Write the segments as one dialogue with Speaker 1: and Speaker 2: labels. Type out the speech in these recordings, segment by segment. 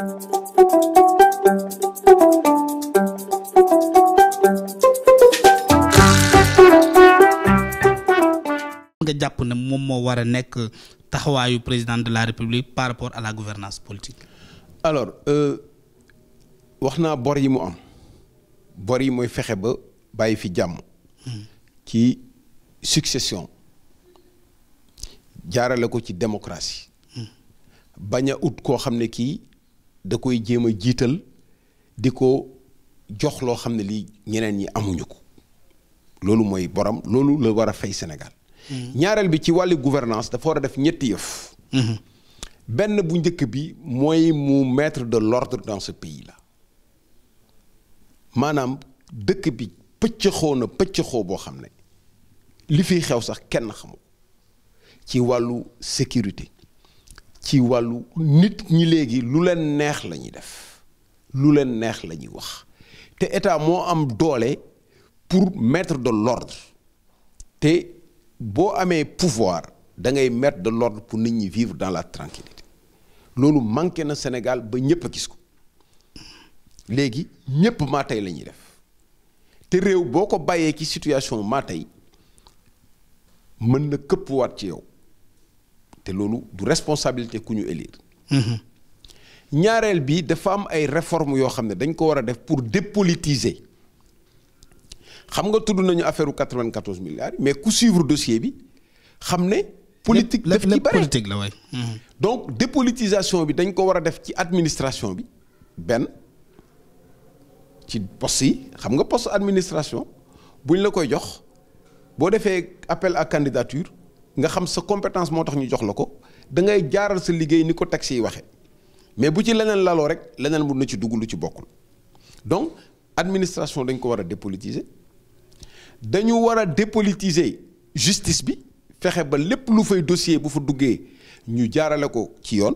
Speaker 1: nga jàpp na moom moo war a nekk taxawaayu président de la république par rapport à la gouvernance politique alors euh, wax naa bor yi mu am bor yi mooy fexe ba bàyyi fi jàmm ci succession jaarale ko ci démocratie hmm. bañ ut koo xam ne kii da koy jéem a jiital di ko jox loo xam ne lii ñeneen ñi amuñu ko loolu mooy borom loolu la war a fay Sénégal. Mm-hmm. ñaareel bi ci wàllu gouvernance dafa war a def ñetti yëf. Mm-hmm. benn bu njëkk bi mooy mu mettre de l'ordre dans ce pays là maanaam dëkk bi pëccëxoo na pëccëxoo boo xam ne li fiy xew sax kenn xamu ci wàllu sécurité. ci wàllu nit ñi léegi lu leen neex la ñuy def lu leen neex la ñuy wax te état moo am doole pour mettre de l'ordre te boo amee pouvoir da ngay mettre de l'ordre pour nit ñi vivre dans la tranquillité loolu manqué na Sénégal ba ñëpp a gis ko léegi ñëpp maa tey la ñuy def te réew boo ko bàyyee ci situation maa tey mën na këppuwaat ci yow. te loolu du responsabilité ku ñu élire. Mhm. ñaareel bi dafa am ay réformes yoo xam ne dañ ko war a def pour dépolitiser xam nga tudd nañu affaire 94 milliards mais ku suivre dossier bi xam ne. politique daf ci bari politique la waay. Mhm. donc dépolitisation bi dañ ko war a def ci administration bi benn ci poste yi xam nga poste administration buñ la koy jox boo defee appel à candidature. nga xam sa compétence moo tax ñu jox la ko dangay jaaral sa liggéey ni ko taxi yi waxee mais bu ci leneen laloo rek leneen mun na ci dugg lu ci bokkul donc administration dañ ko war a dépolitiser dañu war a dépolitiser justice bi fexe ba lépp lu fay dossier bu fa duggee ñu jaarale ko ci yoon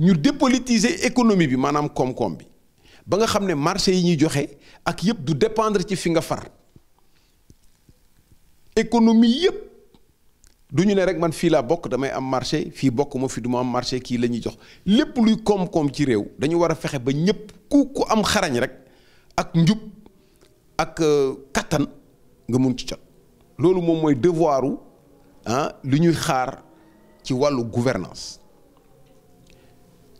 Speaker 1: ñu dépolitiser économie bi maanaam koom-koom bi ba nga xam ne marché yi ñuy joxe ak yëpp du dépendre ci fi nga far économie yëpp. du ñu ne rek man fii laa bokk damay am marché fii bokk ma fi du ma am marché kii la jox lépp luy koom-koom ci réew dañu war a fexe ba ñëpp ku ku am xarañ rek ak njub ak euh, kattan nga mun ci jot. loolu moom mooy devoiru ah lu ñuy xaar ci wàllu gouvernance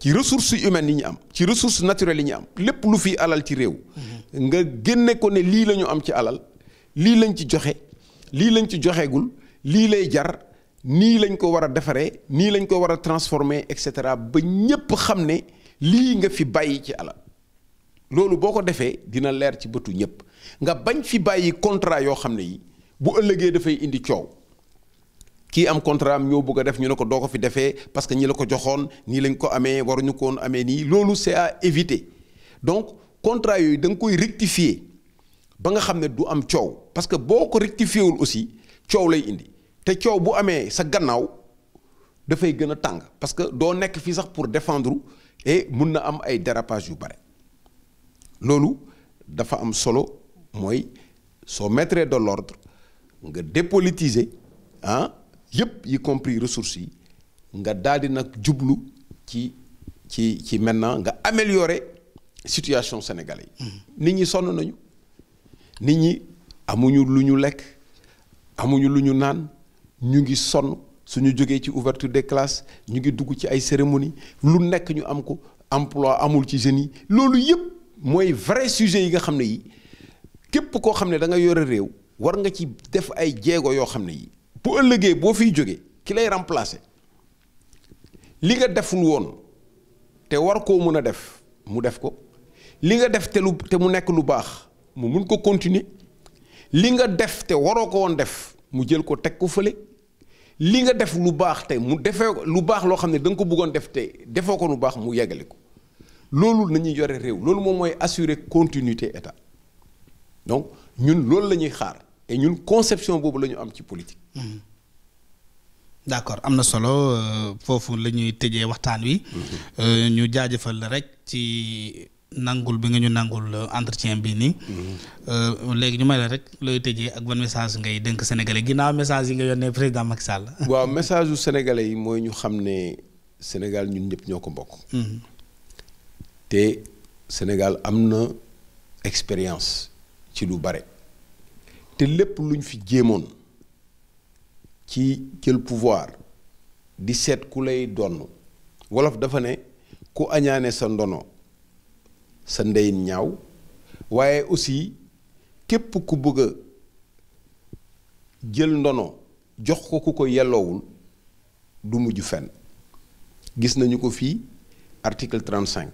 Speaker 1: ci ressource humaines yi ñu am ci ressource naturel yi ñu am lépp lu fi alal ci réew. Mm-hmm. nga génne ko ne lii lañu am ci alal lii lañ ci joxe lii lañ ci joxeegul. lii lay jar nii lañ ko war a defaree nii lañ ko war a transformer et cetera ba ñépp xam ne lii nga fi bàyyi ci alal loolu boo ko defee dina leer ci bëtu ñépp nga bañ fi bàyyi contrat yoo xam ne yi bu ëllëgee dafay indi coow kii am contrat am ñoo bëgg a def ñu ne ko doo ko fi defee parce que ñi la ko joxoon nii lañ ko amee waruñu ko woon amee nii loolu c'est à éviter donc contrat yooyu da nga koy rectifier ba nga xam ne du am coow parce que boo ko rectifié wul aussi coow lay indi te coow bu amee sa gannaaw dafay gën a tàng parce que doo nekk fii sax pour défendre et mun na am ay dérapage yu bare loolu dafa am solo mooy soo mettre de l'ordre nga dépolitiser ah yëpp y compris ressources yi nga daal nag jublu ci ci ci maintenant nga améliorer situation sénégalais yi. Mm-hmm. nit ñi sonn nañu nit ñi amuñu lu ñu lekk. amuñu lu ñu naan ñu ngi sonn suñu jógee ci ouverture des classes ñu ngi dugg ci ay cérémonie lu nekk ñu am ko emploi amul ci jeunes yi loolu yëpp mooy vrai sujet yi nga xam ne yi képp koo xam ne da nga yore réew war nga ci def ay jéego yoo xam ne yi bu ëllëgee boo fiy jógee ki lay remplacer li nga deful woon te war koo mën a def mu def ko li nga def te lu te mu nekk lu baax mu mun ko continuer li nga def te waroo ko woon def mu jël ko teg ko fële li nga def lu baax te mu defee lu baax loo xam ne da nga ko bëggoon def te defoo ko lu baax mu yeggale ko loolu ñuy yore réew loolu moom mooy assurer continuité état donc ñun loolu la ñuy xaar et ñun conception boobu la ñu am ci politique. Mm-hmm. d'accord am na solo euh, foofu la ñuy tëjee waxtaan wi. Mm-hmm. Euh, ñu jaajëfal la rek ci nangul bi nga ñu nangul euh, entretien bi nii mm-hmm. euh, léegi ñu may la rek looy tëjee ak ban message ngay dénk sénégalais ginnaaw message yi nga yónnee président Macky Sall. waaw message yu sénégalais yi mooy ñu xam ne Sénégal ñun ñëpp ñoo ko bokk. Mm-hmm. te Sénégal am na expérience ci lu bare te lépp luñ fi jéemoon ci jël pouvoir di seet ku lay donn wolof dafa ne ku añaane sa ndono. sa ndeyin ñaaw waaye aussi képp ku bëgg a jël ndono jox ko ku ko yelloowul du mujj fen gis nañu ko fii article 35 cinq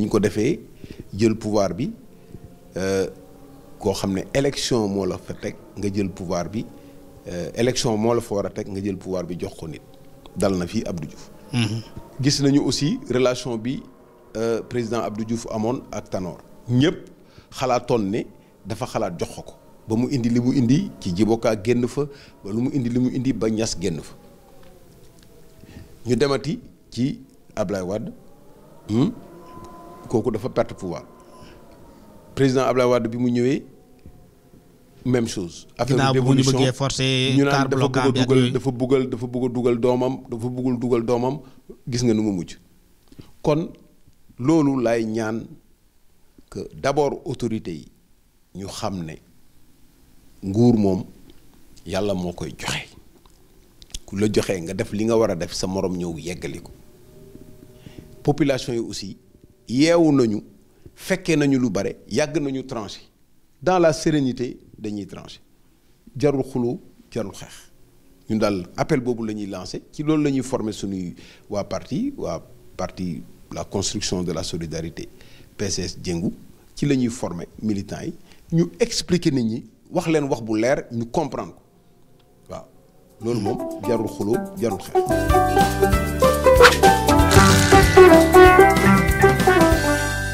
Speaker 1: ñu ko defee jël pouvoir bi euh, koo xam ne élection moo la fa teg nga jël pouvoir bi euh, élection moo la fa war a teg nga jël pouvoir bi jox ko nit dal na fii Abdou Diouf. Mhm. gis nañu aussi relation bi. Euh, président Abdou Diouf amoon ak tanoor ñëpp xalaatoon ne dafa xalaat jox ko ba mu indi li mu indi ci jibokaa génn fa ba lu mu indi li mu indi ba ñas génn fa ñu demati ci Ablaye Wade hmm? kooku dafa perte pouvoir président Ablaye Wade bi mu ñëwee même chose. affaire dévolution ñu naan dafa bëgg dugal dafa bëggal dafa bëgg dugal doomam dafa bëggul dugal doomam gis nga nu mu mujj kon. loolu laay ñaan que d'abord autorité yi ñu xam ne nguur moom yàlla moo koy joxe ku la joxe nga def li nga war a def sa moroom ñëw yeggali ko population yi aussi yeewu nañu fekkee nañu lu bare yàgg nañu tranché dans la sérénité dañuy tranché jarul xuloo jarul xeex ñun daal appel boobu la ñuy lancé ci loolu la ñuy formé suñuy waa parti waa parti la construction de la solidarité PCS Jëngu ci la ñuy former militants yi ñu expliquer nit ñi wax leen wax bu leer ñu comprendre ko waaw loolu moom jarul xuloo jarul xeex